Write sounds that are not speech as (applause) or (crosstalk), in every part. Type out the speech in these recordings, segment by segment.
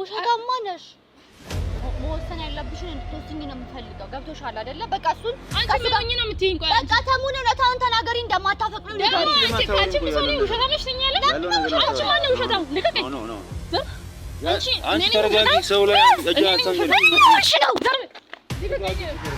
ውሸታማ ነሽ። መወሰን ያለብሽን እንድትወስኝ ነው የምፈልገው። ገብቶሻል አይደለ? በቃ እሱን አንቺ ምን ነው የምትይኝ? ቆይ በቃ ተሙን እውነታውን ተናገሪ። እንደማታፈቅዱ ነው ውሸታም? ነው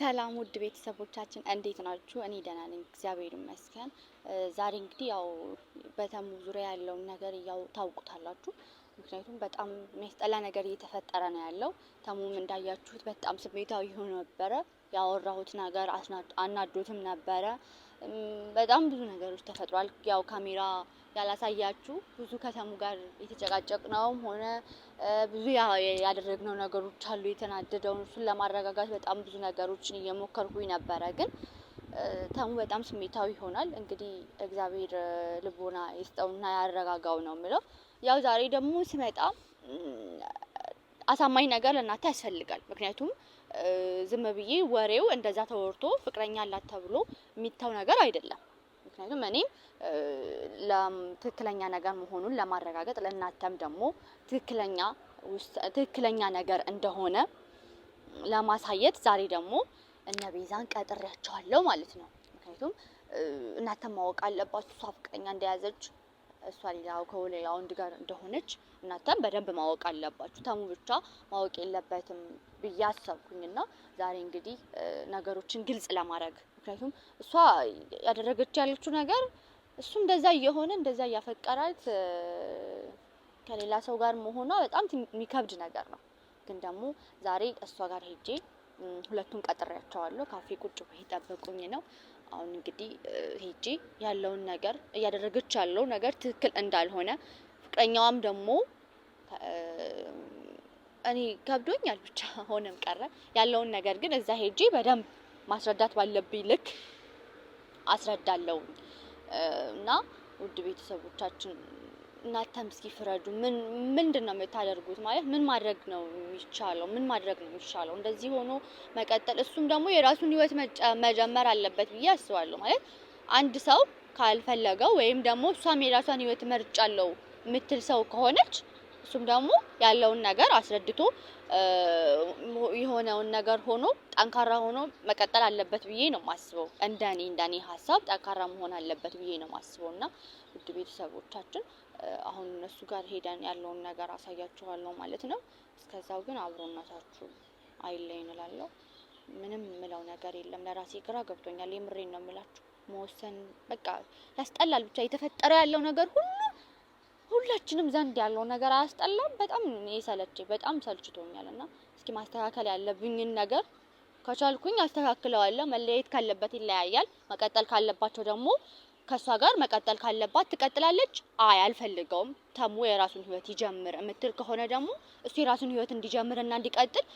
ሰላም ውድ ቤተሰቦቻችን እንዴት ናችሁ? እኔ ደህና ነኝ፣ እግዚአብሔር ይመስገን። ዛሬ እንግዲህ ያው በተሙ ዙሪያ ያለውን ነገር ያው ታውቁታላችሁ። ምክንያቱም በጣም የሚያስጠላ ነገር እየተፈጠረ ነው ያለው። ተሙም እንዳያችሁት በጣም ስሜታዊ ሆኖ ነበረ። ያወራሁት ነገር አናዶትም ነበረ። በጣም ብዙ ነገሮች ተፈጥሯል። ያው ካሜራ ያላሳያችሁ ብዙ ከተሙ ጋር የተጨቃጨቅነውም ሆነ ብዙ ያደረግነው ነገሮች አሉ። የተናደደውን እሱን ለማረጋጋት በጣም ብዙ ነገሮችን እየሞከርኩኝ ነበረ ግን ተሙ በጣም ስሜታዊ ይሆናል። እንግዲህ እግዚአብሔር ልቦና ይስጠውና ያረጋጋው ነው የምለው። ያው ዛሬ ደግሞ ስመጣ አሳማኝ ነገር ለእናንተ ያስፈልጋል። ምክንያቱም ዝም ብዬ ወሬው እንደዛ ተወርቶ ፍቅረኛ አላት ተብሎ የሚተው ነገር አይደለም። ምክንያቱም እኔም ትክክለኛ ነገር መሆኑን ለማረጋገጥ ለእናንተም ደግሞ ትክክለኛ ትክክለኛ ነገር እንደሆነ ለማሳየት ዛሬ ደግሞ እነ ቤዛን ቀጥሬያቸዋለሁ ማለት ነው። ምክንያቱም እናንተም ማወቅ አለባችሁ እሷ ፍቅረኛ እንደያዘች እሷ ሌላው ከሌላ ወንድ ጋር እንደሆነች እናንተም በደንብ ማወቅ አለባችሁ። ተሙ ብቻ ማወቅ የለበትም ብዬ አሰብኩኝ እና ዛሬ እንግዲህ ነገሮችን ግልጽ ለማድረግ ምክንያቱም እሷ ያደረገች ያለችው ነገር እሱ እንደዛ እየሆነ እንደዛ እያፈቀራት ከሌላ ሰው ጋር መሆኗ በጣም የሚከብድ ነገር ነው። ግን ደግሞ ዛሬ እሷ ጋር ሄጄ ሁለቱን ቀጥሬያቸዋለሁ። ካፌ ቁጭ ብለው እየጠበቁኝ ነው። አሁን እንግዲህ ሄጄ ያለውን ነገር እያደረገች ያለው ነገር ትክክል እንዳልሆነ ቀኛዋም ደግሞ እኔ ከብዶኛል ብቻ ሆነም (laughs) ቀረ ያለውን ነገር ግን እዛ ሄጄ በደንብ ማስረዳት ባለብኝ ልክ አስረዳለሁ። እና ውድ ቤተሰቦቻችን እናንተም እስኪ ፍረዱ። ምን ምንድን ነው የምታደርጉት? ማለት ምን ማድረግ ነው የሚቻለው? ምን ማድረግ ነው የሚቻለው? እንደዚህ ሆኖ መቀጠል፣ እሱም ደግሞ የራሱን ህይወት መጀመር አለበት ብዬ አስባለሁ። ማለት አንድ ሰው ካልፈለገው ወይም ደግሞ እሷም የራሷን ህይወት መርጫለው የምትል ሰው ከሆነች እሱም ደግሞ ያለውን ነገር አስረድቶ የሆነውን ነገር ሆኖ ጠንካራ ሆኖ መቀጠል አለበት ብዬ ነው የማስበው። እንደኔ እንደኔ ሀሳብ ጠንካራ መሆን አለበት ብዬ ነው ማስበው። እና ውድ ቤተሰቦቻችን አሁን እነሱ ጋር ሄደን ያለውን ነገር አሳያችኋለሁ ማለት ነው። እስከዛው ግን አብሮነታችሁ አይለይ እንላለሁ። ምንም የምለው ነገር የለም። ለራሴ ግራ ገብቶኛል። የምሬን ነው ምላችሁ። መወሰን በቃ ያስጠላል። ብቻ የተፈጠረ ያለው ነገር ሁሉ ሁላችንም ዘንድ ያለው ነገር አያስጠላም። በጣም የሰለች በጣም ሰልችቶኛል እና እስኪ ማስተካከል ያለብኝን ነገር ከቻልኩኝ አስተካክለዋለሁ። መለየት ካለበት ይለያያል። መቀጠል ካለባቸው ደግሞ ከእሷ ጋር መቀጠል ካለባት ትቀጥላለች። አይ አልፈልገውም፣ ተሙ የራሱን ህይወት ይጀምር የምትል ከሆነ ደግሞ እሱ የራሱን ህይወት እንዲጀምርና እንዲቀጥል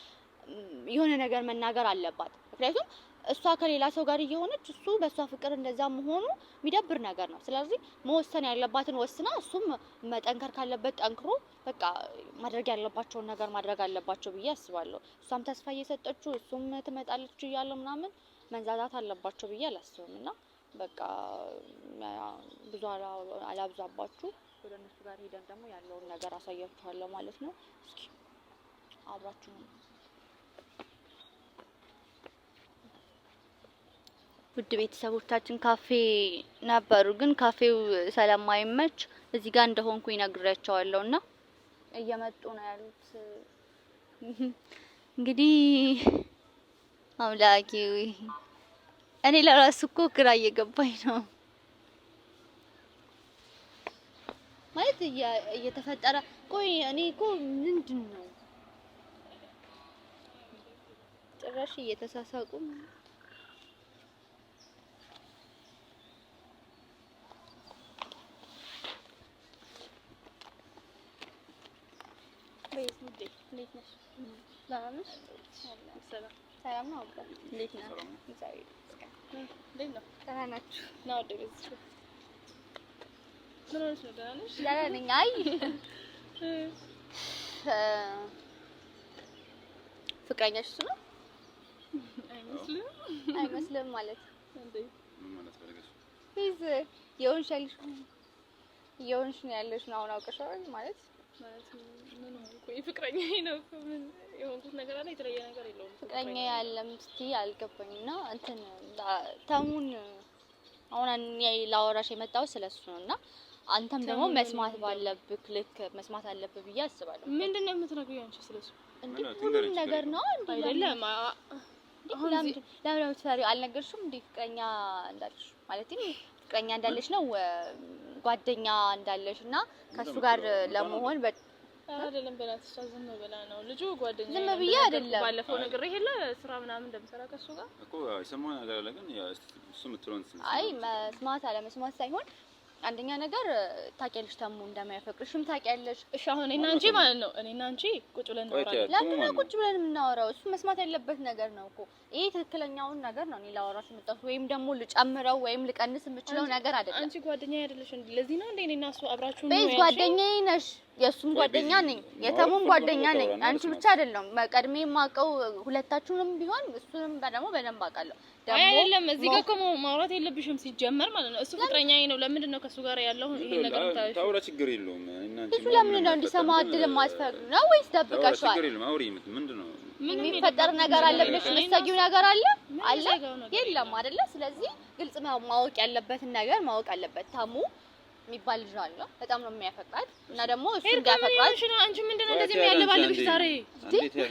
የሆነ ነገር መናገር አለባት። ምክንያቱም እሷ ከሌላ ሰው ጋር እየሆነች እሱ በእሷ ፍቅር እንደዛ መሆኑ የሚደብር ነገር ነው። ስለዚህ መወሰን ያለባትን ወስና፣ እሱም መጠንከር ካለበት ጠንክሮ በቃ ማድረግ ያለባቸውን ነገር ማድረግ አለባቸው ብዬ አስባለሁ። እሷም ተስፋ እየሰጠችው እሱም ትመጣለች እያለ ምናምን መንዛዛት አለባቸው ብዬ አላስብም እና በቃ ብዙ አላብዛባችሁ። ወደ እነሱ ጋር ሄደን ደግሞ ያለውን ነገር አሳያችኋለሁ ማለት ነው። እስኪ አብራችሁ ውድ ቤተሰቦቻችን ካፌ ነበሩ፣ ግን ካፌው ስለማይመች እዚህ ጋር እንደሆንኩ ይነግራቸዋለሁ እና እየመጡ ነው ያሉት። (laughs) እንግዲህ አምላኪ እኔ ለራሱ እኮ ግራ እየገባኝ ነው ማለት እየተፈጠረ ቆይ እኔ እኮ ምንድን ነው ጭራሽ እየተሳሳቁ ወይስ ውዴ እንዴት ነሽ? ደህና ነሽ? ሰላም ሰላም ነው። አባ እንዴት ነህ? እግዚአብሔር ይመስገን። እንዴት ነው? ደህና ናችሁ? ና ወደ ቤት ምን ሆነሽ ነው? ደህና ነሽ? ደህና ነኝ። አይ ፍቅረኛሽ እሱ ነው? አይመስልም። አይመስልም ማለት እንዴት? ይዝ የሆንሽ ያለሽ የሆንሽ ነው ያለሽ ነው አሁን አውቀሻል ማለት ፍቅረኛ ያለም ስቲ አልገባኝም። እና እንትን ተሙን አሁን እኔ ላወራሽ የመጣው ስለሱ ነው እና አንተም ደግሞ መስማት ባለብክ ልክ መስማት አለብህ ብዬ አስባለሁ። ምንድን ነው የምትነግሪው አንቺ ስለሱ? እንዴ ሁሉም ነገር ነው አይደለም ለምን ለምን ለምን አልነገርሽም እንዴ? ፍቅረኛ እንዳልሽ ማለት ነው ፍቅረኛ እንዳለች ነው ጓደኛ እንዳለች እና ከሱ ጋር ለመሆን አይደለም ብላት እሷ ዝም ብላ ነው ልጁ ጓደኛ ዝም ብዬ አይደለም ባለፈው ነገር ይሄ ለስራ ምናምን እንደምሰራ ከሱ ጋር እኮ የሰማሁት ነገር አለ ግን እሱ የምትለውን አይ መስማት አለመስማት ሳይሆን አንደኛ ነገር ታውቂያለሽ፣ ታሙ እንደማያፈቅርሽም ታውቂያለሽ። እሺ አሁን እኔና አንቺ ማለት ነው እኔና አንቺ ቁጭ ብለን እናወራለን። ለምን ቁጭ ብለን የምናወራው? እሱ መስማት ያለበት ነገር ነው እኮ ይሄ ትክክለኛውን ነገር ነው። እኔ ላወራሽ የምጠፍ ወይም ደግሞ ልጨምረው ወይም ልቀንስ የምችለው ነገር አይደለም። አንቺ ጓደኛዬ አይደለሽ? እንዴ? ለዚህ ነው እንደ እኔና እሱ አብራችሁ ነው ያለሽ። ጓደኛዬ ነሽ የእሱም ጓደኛ ነኝ፣ የተሙም ጓደኛ ነኝ። አንቺ ብቻ አይደለም ቀድሜ የማውቀው ሁለታችሁንም ቢሆን እሱንም ደግሞ በደንብ አውቃለሁ። አይደለም እዚህ ጋር እኮ ማውራት የለብሽም ሲጀመር ማለት ነው። እሱ ፍቅረኛ ነው። ለምንድን ነው ከእሱ ጋር ያለው ይሄ ነገር? ታውራ ችግር የለውም። እሱ ለምንድን ነው እንዲሰማ እድል የማትፈቅዱ ነው ወይስ ደብቀሽዋል? የሚፈጠር ነገር አለብሽ? የምትሰጊው ነገር አለ አለ የለም አይደለ? ስለዚህ ግልጽ ማወቅ ያለበትን ነገር ማወቅ አለበት ታሙ የሚባል ልጅ አለ። በጣም ነው የሚያፈቅራት እና ደግሞ እሱ እንዳፈቅራት እሺ ነው። አንቺ ምንድነው እንደዚህ የሚያለባልብሽ ዛሬ?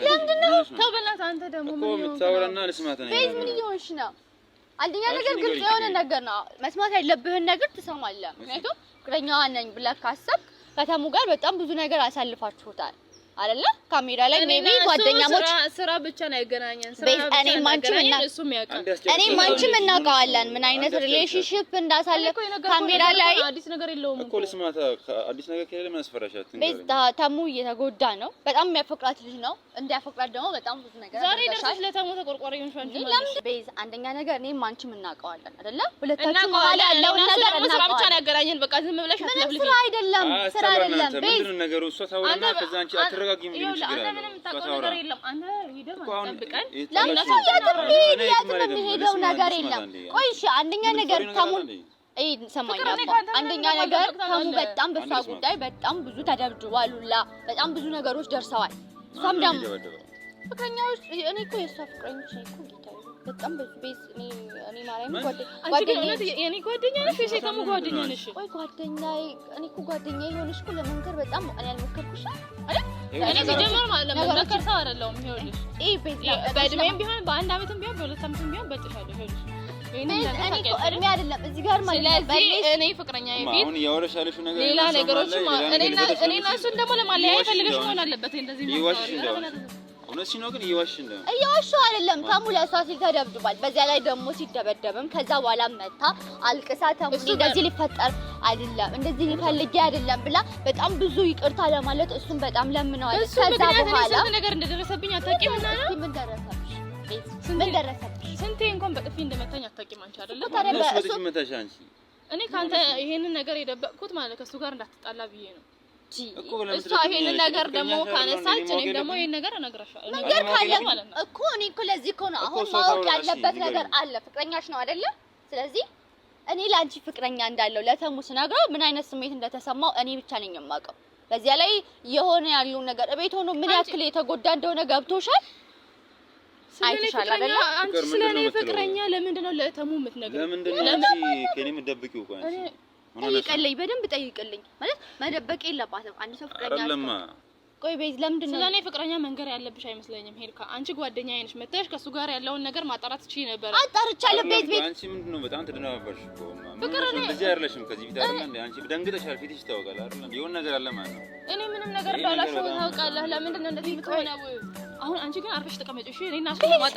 ለምንድን ነው ተው በላት። አንተ ደግሞ ምን ልስማት ነው? ፌዝ ምን እየሆንሽ ነው? አንደኛ ነገር ግልጽ የሆነ ነገር ነው መስማት ያለብህን ነገር ትሰማለህ። ምክንያቱም ፍቅረኛዋ ነኝ ብለህ ካሰብክ ከተሙ ጋር በጣም ብዙ ነገር አሳልፋችሁታል። አይደለ ካሜራ ላይ ሜቢ ጓደኛሞች ስራ ብቻ ነው ያገናኘን። ስራ እኔ ማንችም እናውቀዋለን ምን አይነት ሪሌሽንሽፕ እንዳሳለ ካሜራ ላይ አዲስ ነገር የለውም እኮ ልስማታ። አዲስ ነገር ከሌለ ምን አስፈራሻት? ቤዝ ተሙ እየተጎዳ ነው። በጣም የሚያፈቅራት ልጅ ነው። እንዲያፈቅራት ደግሞ በጣም ብዙ ነገር ዛሬ ደርሰሽ ለተሙ ተቆርቋሪ ይሆንሻል። ቤዝ አንደኛ ነገር እኔ ማንችም እናውቀዋለን አይደለ? ሁለታችን መሀል ያለው ነገር ስራ ብቻ ነው ያገናኘን። በቃ ዝም ብለሽ አትለፍልፊ። ስራ አይደለም ስራ አይደለም ቤዝ ነገሩ እሷ ታውራና ከዛ አንቺ አትረ አታረጋጊም እንዴ? ችግር አለ። ምንም ነገር የለም። አንተ ጠብቀን። ለምን የትም የትም ነገር የለም። ቆይ እሺ፣ አንደኛ ነገር ተሙ አንደኛ ነገር ተሙ በጣም በሷ ጉዳይ በጣም ብዙ ተደብድቧል። ሁላ በጣም ብዙ ነገሮች ደርሰዋል። እሷም ደግሞ እኔ እኮ የእሷ ፍቅረኞች እኮ በጣም እኔ ማርያም ጓደኛ ጓደኛ ነሽ እሺ ከሙ ጓደኛ ነሽ ወይ ጓደኛዬ እኔ እኮ ጓደኛዬ የሆነሽ እኮ ለመንገር በጣም እኔ አልሞከርኩሽ አይደል እኔ ሲጀመር ማለት ሰው አይደለሁም። ይኸውልሽ በእድሜም ቢሆን በአንድ አመትም ቢሆን በሁለት አመትም ቢሆን ይኸውልሽ አይደለም ሌላ ነገሮች እኔና እሱን ደግሞ ለማለያ ይፈልገሽ መሆን አለበት እንደዚህ እውነት ሲኖ ግን እየዋሽን ነው። እየዋሸሁ አይደለም። ታሙ ለእሷ ተደብድቧል። በዚያ ላይ ደግሞ ሲደበደብም ከዛ በኋላ መታ አልቅሳ ተሙ እንደዚህ ሊፈጠር አይደለም እንደዚህ ሊፈልጌ አይደለም ብላ በጣም ብዙ ይቅርታ ለማለት እሱም በጣም ለምነዋለች። ከዛ በኋላ ነገር እንደደረሰብኝ አታውቂም። እና ነው ምን ደረሰብሽ? ምን ደረሰብሽ? ስንቴ እንኳን በጥፊ እንደመታኝ አታውቂም አንቺ አይደለም። ታዲያ በጥፊ መታሽ አንቺ። እኔ ካንተ ይሄንን ነገር የደበቅኩት ማለት ከእሱ ጋር እንዳትጣላ ብዬ ነው ይሄንን ነገር ደግሞ ካነሳች እኔም ደግሞ ይሄን ነገር እነግርሻለሁ። ነገር ካለ እኮ እኔ እኮ ለዚህ እኮ ነው አሁን ማወቅ ያለበት ነገር አለ። ፍቅረኛሽ ነው አይደለም? ስለዚህ እኔ ለአንቺ ፍቅረኛ እንዳለው ለተሙ ስነግረው ምን አይነት ስሜት እንደተሰማው እኔ ብቻ ነኝ የማውቀው። በዚያ ላይ የሆነ ያለው ነገር እቤት ሆኖ ምን ያክል የተጎዳ እንደሆነ ገብቶሻል። አይተሻል አይደለ? አንቺ ፍቅረኛ ለምንድን ነው ለተሙ የምትነግረው? ለምንድን ነው ከኔ የምትደብቂው? ጠይቀልኝ፣ በደንብ ጠይቅልኝ። ማለት መደበቅ የለባትም አንድ ሰው ፍቅረኛ አይደለም። ቆይ ቤዝ፣ ለምንድን ነው ስለኔ ፍቅረኛ መንገር ያለብሽ አይመስለኝም። ሄልካ አንቺ ጓደኛዬ ነሽ፣ መተሽ ከሱ ጋር ያለውን ነገር ማጣራት ትችይ ነበር። አጣርቻለሁ። ቤዝ ቤዝ፣ አንቺ ምንድን ነው በጣም ትደናበርሽ እኮ ፍቅር ነው እንደዚህ አይደለሽም። ከዚህ ቢታ አይደለም አንቺ ደንግጠሻል። ፊትሽ ይታወቃል አይደለም የሆነ ነገር አለ ማለት ነው። እኔ ምንም ነገር እንዳላሽ ታውቃለህ። ለምንድን ነው እንደዚህ የምትሆነው? አሁን አንቺ ግን አርፈሽ ተቀመጪ እሺ። እኔና እሱ ማጣ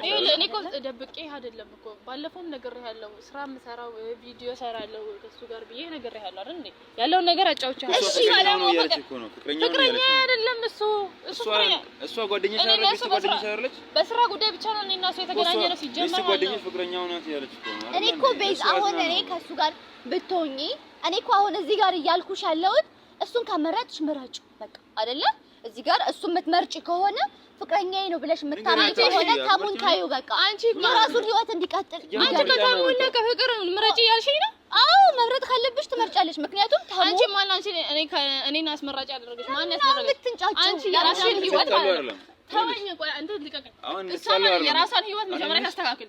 እኔ እኮ ደብቄ አይደለም እኮ ባለፈውም ነግሬሃለሁ። ስራ የምሰራው ቪዲዮ እሰራለሁ ከሱ ጋር ብዬ ነግሬሃለሁ አይደል እንዴ? ያለውን ነገር አጫውቻለሁ። እሺ፣ ፍቅረኛ አይደለም እሱ እሱ እሷ ጓደኛ ሳይሆን በስራ ጉዳይ ብቻ ነው እሱ የተገናኘ ነው። ሲጀመር ጓደኛ ፍቅረኛው ናት ያለች እኮ ነው። እኔ እኮ ቤዝ አሁን እኔ ከሱ ጋር ብትሆኚ እኔ እኮ አሁን እዚህ ጋር እያልኩሽ ያለሁት እሱን ከመረጥሽ ምረጭ በቃ አይደለም እዚህ ጋር እሱ የምትመርጭ ከሆነ ፍቅረኛዬ ነው ብለሽ የምታመጪ ከሆነ ተሙን ታዩ በቃ አንቺ የራሱን ህይወት እንዲቀጥል አንቺ ከተሙና ከፍቅር ምረጭ እያልሽኝ ነው? አዎ መምረጥ ካለብሽ ትመርጫለሽ። ምክንያቱም ተሙ አንቺ ማን አንቺ እኔ እኔ አስመራጭ ያደረግሽ ማን ያስመረጭ አንቺ የራስሽን ህይወት ማለት ነው። ተወኝ ቆይ አንተ ልቀቀኝ። እሷ የራሷን ህይወት መጀመሪያ ታስተካክል።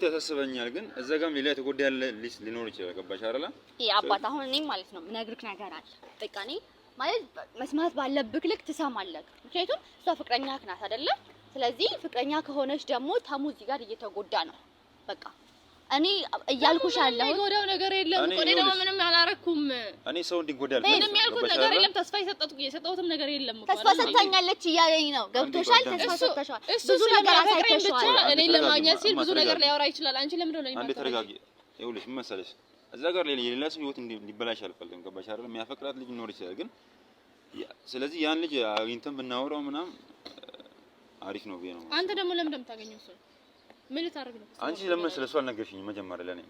ያሳስበኛል። ግን እዛ ጋም ሌላ የተጎዳ ያለ ሊስ ሊኖር ይችላል። ገባሽ አይደለ? ይሄ አባት አሁን እኔም ማለት ነው ነግርክ ነገር አለ። በቃ እኔ ማለት መስማት ባለብክ ልክ ትሰማለህ። ምክንያቱም እሷ ፍቅረኛ ናት አይደለ? ስለዚህ ፍቅረኛ ከሆነች ደግሞ ታሙ እዚህ ጋር እየተጎዳ ነው። በቃ እኔ እያልኩሽ አለሁ ጎዳው ነገር የለም እኮ እኔ ደግሞ ምንም አላረኩም። እኔ ሰው እንዲጎዳ ምንም ያልኩት ነገር የለም። ተስፋ የሰጠቱ የሰጠሁትም ነገር የለም። ተስፋ ሰጥታኛለች እያለኝ ነው። ገብቶሻል? ተስፋ ሰጥተሻል። ብዙ ነገር አሳይተሻል። ብቻ እኔ ለማግኘት ሲል ብዙ ነገር ሊያወራ ይችላል። አንቺ ለምን ነው አንዴ ተረጋጊ። ይኸውልሽ ምን መሰለሽ እዛ ጋር የሌላ ሰው ህይወት እንዲበላሽ አልፈልግም። ገባሽ አይደል? የሚያፈቅራት ልጅ ኖር ይችላል ግን ስለዚህ ያን ልጅ አግኝተን ብናወራው ምናምን አሪፍ ነው ብዬ ነው። አንተ ደግሞ ለምን እንደምታገኘው ሰው ምን ልታደርግ ነው? አንቺ ለምን ስለሱ አልነገርሽኝም? መጀመሪያ ለኔ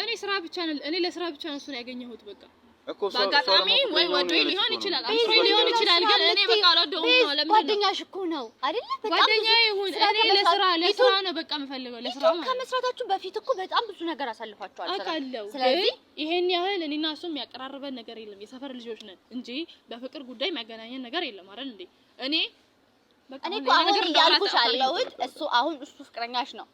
እኔ ስራ ብቻ ነው እኔ ለስራ ብቻ ነው እሱን ያገኘሁት። በቃ እኮ ሰው በአጋጣሚ ወይ ወዶ ሊሆን ይችላል፣ አስሮ ሊሆን ይችላል። ግን እኔ በቃ አልወደውም ነው። ለምን ጓደኛሽ እኮ ነው አይደለ? ጓደኛ ይሁን እኔ ለስራ ለስራ ነው በቃ የምፈልገው ለስራ ነው። ከመስራታችሁ በፊት እኮ በጣም ብዙ ነገር አሳልፋችኋል። አውቃለሁ። ስለዚህ ይሄን ያህል እኔና እሱ የሚያቀራርበን ነገር የለም። የሰፈር ልጆች ነን እንጂ በፍቅር ጉዳይ የሚያገናኘን ነገር የለም አይደል እንዴ? እኔ በቃ እኔ እኮ አሁን እያልኩሽ አለሁት እሱ አሁን እሱ ፍቅረኛሽ ነው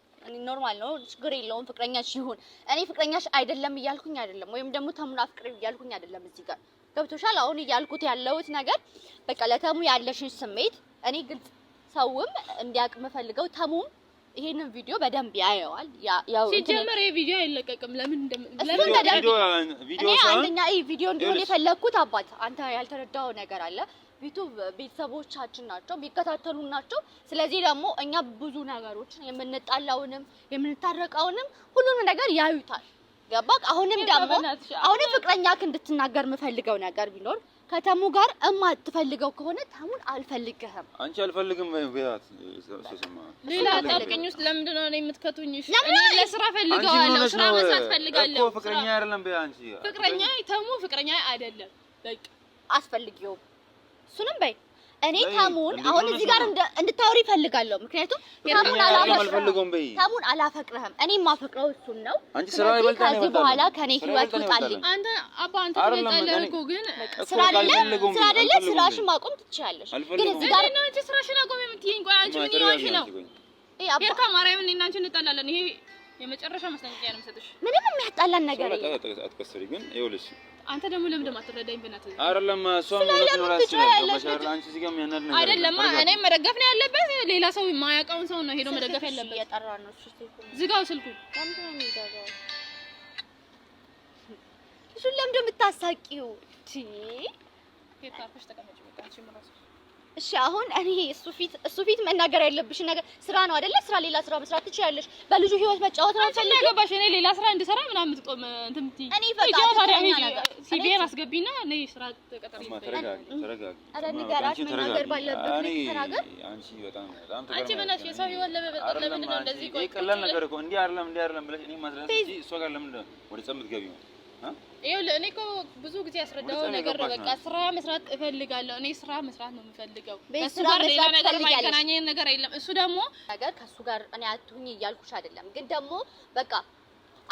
ኖርማል ነው፣ ችግር የለውም። ፍቅረኛሽ ይሁን እኔ ፍቅረኛሽ አይደለም እያልኩኝ አይደለም፣ ወይም ደግሞ ተሙን ፍቅር እያልኩኝ አይደለም። እዚህ ጋር ገብቶሻል። አሁን እያልኩት ያለሁት ነገር በቃ ለተሙ ያለሽን ስሜት እኔ ግልጽ ሰውም እንዲያውቅ የምፈልገው ተሙም ይሄንን ቪዲዮ በደንብ ያየዋል። ያው ሲጀመር ይሄ ቪዲዮ አይለቀቅም። ለምን ለምን ቪዲዮ ቪዲዮ አንደኛ ይሄ ቪዲዮ እንዲሆን የፈለኩት አባት አንተ ያልተረዳው ነገር አለ ቢቱ ቤተሰቦቻችን ናቸው፣ የሚከታተሉ ናቸው። ስለዚህ ደግሞ እኛ ብዙ ነገሮችን የምንጣላውንም የምንታረቀውንም ሁሉንም ነገር ያዩታል። ገባ? አሁንም ደግሞ አሁንም ፍቅረኛ እንድትናገር የምፈልገው ነገር ቢኖር ከተሙ ጋር እማትፈልገው ከሆነ ተሙን አልፈልግህም። አንቺ አልፈልግም ቤት ሰሰማ ሌላ ጣልቀኝ ውስጥ ለምንድን ነው የምትከቱኝ? እሺ ለምን ለስራ ፈልገዋለሁ፣ ስራ መስራት ፈልጋለሁ ፍቅረኛ አይደለም ቤት አንቺ ፍቅረኛ ተሙ ፍቅረኛ አይደለም በቃ አስፈልጊውም እሱንም በይ እኔ ታሙን አሁን እዚህ ጋር እንድታወሪ እፈልጋለሁ። ምክንያቱም ታሙን አላፈቅረህም፣ ታሙን አላፈቅረህም። እኔ የማፈቅረው እሱን ነው። አንቺ ስራ ከዚህ በኋላ ከኔ ህይወት ውጣልኝ። አንተ አባ አንተ ትበልጣለህ ግን ስራ አይደለ ስራ አይደለ ስራሽን ማቆም ትችያለሽ። ግን እዚህ ጋር ነው እንጂ ስራሽን አቆም የምትይኝ። ቆይ አንቺ ምን ይሆንሽ ነው? ይሄ አባ የካ ማርያምን እናንቺ እንጣላለን ይሄ የመጨረሻ ማስጠንቀቂያ ነው የምሰጥሽ። ምንም የሚያጣላን ነገር የለም። አትከስሪ ግን ይኸውልሽ፣ አንተ ደግሞ ለምን አትረዳኝ? በእናትህ አይደለም እኔም መደገፍ ነው ያለበት። ሌላ ሰው የማያውቀውን ሰው ነው ሄዶ መደገፍ ያለበት። ዝጋው ስልኩን። እሱን ለምንድን ነው የምታሳቂው? እሺ አሁን እኔ እሱ ፊት እሱ ፊት መናገር ያለብሽ ነገር ስራ ነው አይደለ? ስራ ሌላ ስራ መስራት ትችያለሽ። በልጁ ህይወት መጫወት ነው ፈልገሽ ገባሽ? እኔ ሌላ ስራ እንድሰራ ምናምን ትቆም እንትን ትይ። እኔ ፈቃድ ነገር ሲቪን አስገቢና እኔ ስራ ተቀጠሪ። ተረጋጊ፣ ተረጋጊ። አረ ንገራሽ መናገር ባለበት ተናገር። አንቺ በጣም አንቺ በእናትሽ የሰው ህይወት ለመበጥበጥ ለምንድን ነው እንደዚህ? ቆይ ቀላል ነገር እኮ እንዲህ አይደለም እንዲህ አይደለም ብለሽ እኔ ማዝራት እንጂ እሷ ጋር ለምንድን ነው ወደ ፀብ የምትገቢው? ይኸውልህ እኔ እኮ ብዙ ጊዜ ያስረዳው ነገር በቃ ስራ መስራት እፈልጋለሁ። እኔ ስራ መስራት ነው የምፈልገው። እሱ ጋር ሌላ ነገር ማይገናኘኝ ነገር የለም። እሱ ደግሞ ነገር ከሱ ጋር እኔ አትሁኝ እያልኩሽ አይደለም፣ ግን ደግሞ በቃ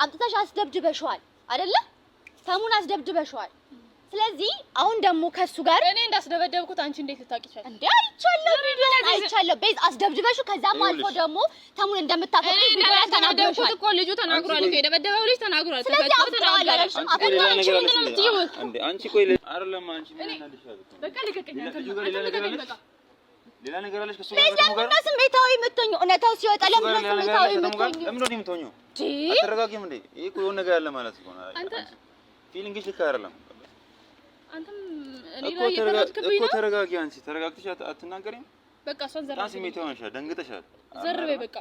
አምጥተሽ አስደብድበሽዋል አይደለ? ሰሙን አስደብድበሽዋል። ስለዚህ አሁን ደግሞ ከሱ ጋር እኔ እንዳስደበደብኩት አንቺ እንዴት ልታቂቻለሽ? እንዴ አይቻለሁ፣ ቪዲዮን አይቻለሁ። ቤዝ አስደብድበሹ ከዛም አልፎ ደግሞ ተሙን እንደምታፈቅሪ ቪዲዮ ላይ እኮ ልጁ ተናግሯል እኮ የደበደበው ልጅ ተናግሯል። ስለዚህ አሁን ተናገራል። አሁን አንቺ ምንድን ነው የምትይው? እንዴ አንቺ ቆይ አይደለም አንቺ ምን በቃ ልቀቀኝ። በቃ ሌላ ነገር አለሽ ከሱ ጋር ደግሞ ስሜታዊ እውነታው ሲወጣ ለምን ነው አንተም እኮ ተረጋጊ። አንቺ ተረጋግተሽ አትናገሪም። በቃ እሷን ዘር ስሜት ሆነሻል፣ ደንግጠሻል። ዘር በቃ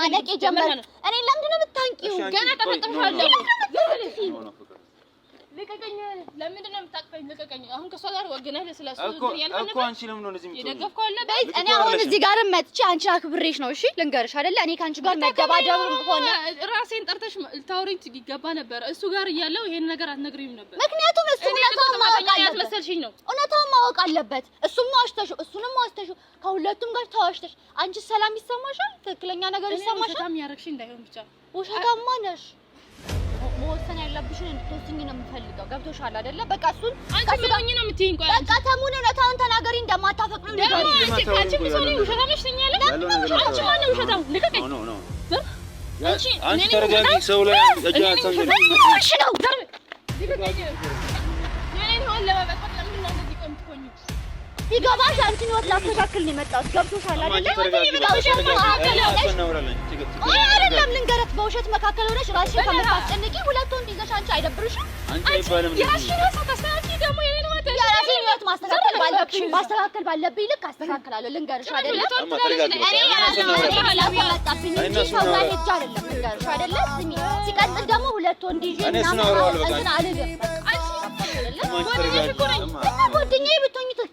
ማለቅ ጀመረ። እኔ ለምንድን ነው የምታንቂው? ገና ተፈጥረሻል። ልቀቀኝ! ለምንድን ነው የምታቅፈኝ? ልቀቀኝ! አሁን ከእሷ ጋር ወገናለ ስለሱ አንቺ ለምን ነው እዚህ የደገፍከው? በይ። እኔ አሁን እዚህ ጋር መጥቼ አንቺ አክብሬሽ ነው። እሺ ልንገርሽ አይደለ? እኔ ከአንቺ ጋር መደባደብ ሆነ ራሴን ጠርተሽ ልታወሪኝ ይገባ ነበር። እሱ ጋር እያለሁ ይሄን ነገር አትነግሪኝም ነበር። ምክንያቱም እሱ እውነታውን ማወቅ ያስመሰልሽኝ እውነታውን ማወቅ አለበት። እሱም ዋሽተሽው፣ እሱንም ዋሽተሽው፣ ከሁለቱም ጋር ተዋሽተሽ አንቺ ሰላም ይሰማሻል? ትክክለኛ ነገር ይሰማሻል? በጣም ያረግሽ እንዳይሆን ብቻ ውሸታማ ነሽ። መወሰን ያለብሽን እንድትወስኝ ነው የምፈልገው። ገብቶሻል አይደለ? በቃ እሱን አንቺ ነው የምትይኝ። ቆይ በቃ ተሙን እውነታውን ተናገሪ፣ እንደማታፈቅዱ ነገር አንቺ አንቺ ምን ሰው ነሽ ትኛለሽ? አንቺ ማን ውሸታም? ልቀቀኝ። አንቺ ተረጋጊ። ሰው ላይ እጃ ታንገሪ ነው። ልቀቀኝ። ሆን ለማበቀ ሲገባሽ አንቺን ወጥ ላስተካክል ነው የመጣሁት። ገብቶሻል አይደለም ልንገረት፣ በውሸት መካከል ሆነሽ ራስሽን ከምታስጨንቂ ሁለት ወንድ ይዘሽ አንቺ አይደብርሽም? ማስተካከል ባለብኝ ልክ አስተካክላለሁ። ልንገርሽ አይደለም። ሲቀጥል ደግሞ ሁለት ወንድ ይዤ ምናምን አልልም።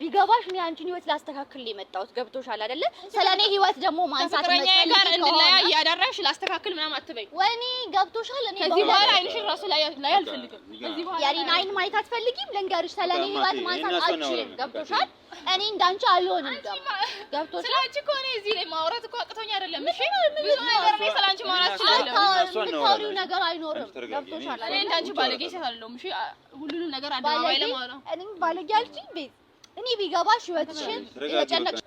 ቢገባሽ ነው አንቺን ህይወት ላስተካክል የመጣሁት ገብቶሻል አይደለ? ስለኔ ህይወት ደግሞ ማንሳት መጥፋት ጋር እንድንለያይ እያደረግሽ ላስተካክል ምናምን አትበይ። ወይኔ ገብቶሻል። እኔ ከዚህ በኋላ አይንሽን ራሱ ላይ ላይ አልፈልግም። ከዚህ በኋላ ያሪን አይን ማየት አትፈልጊም። ልንገርሽ፣ ስለኔ ህይወት ማንሳት አልችልም። ገብቶሻል። እኔ እንዳንቺ አልሆንም። ገብቶሻል። ስለአንቺ እኮ እኔ እዚህ ላይ ማውራት እኮ አቅቶኝ አይደለም። እሺ ብዙ ነገር ነው ስለአንቺ ማውራት እችላለሁ። የምታወሪው ነገር አይኖርም። ገብቶሻል። እኔ እንዳንቺ ባለጌ ሴት አይደለሁም። እሺ ሁሉንም ነገር አደባባይ ለማውራት እኔ ባለጌ አልችልም ቤት እኔ ቢገባሽ ህይወትሽን የጨነቅሽ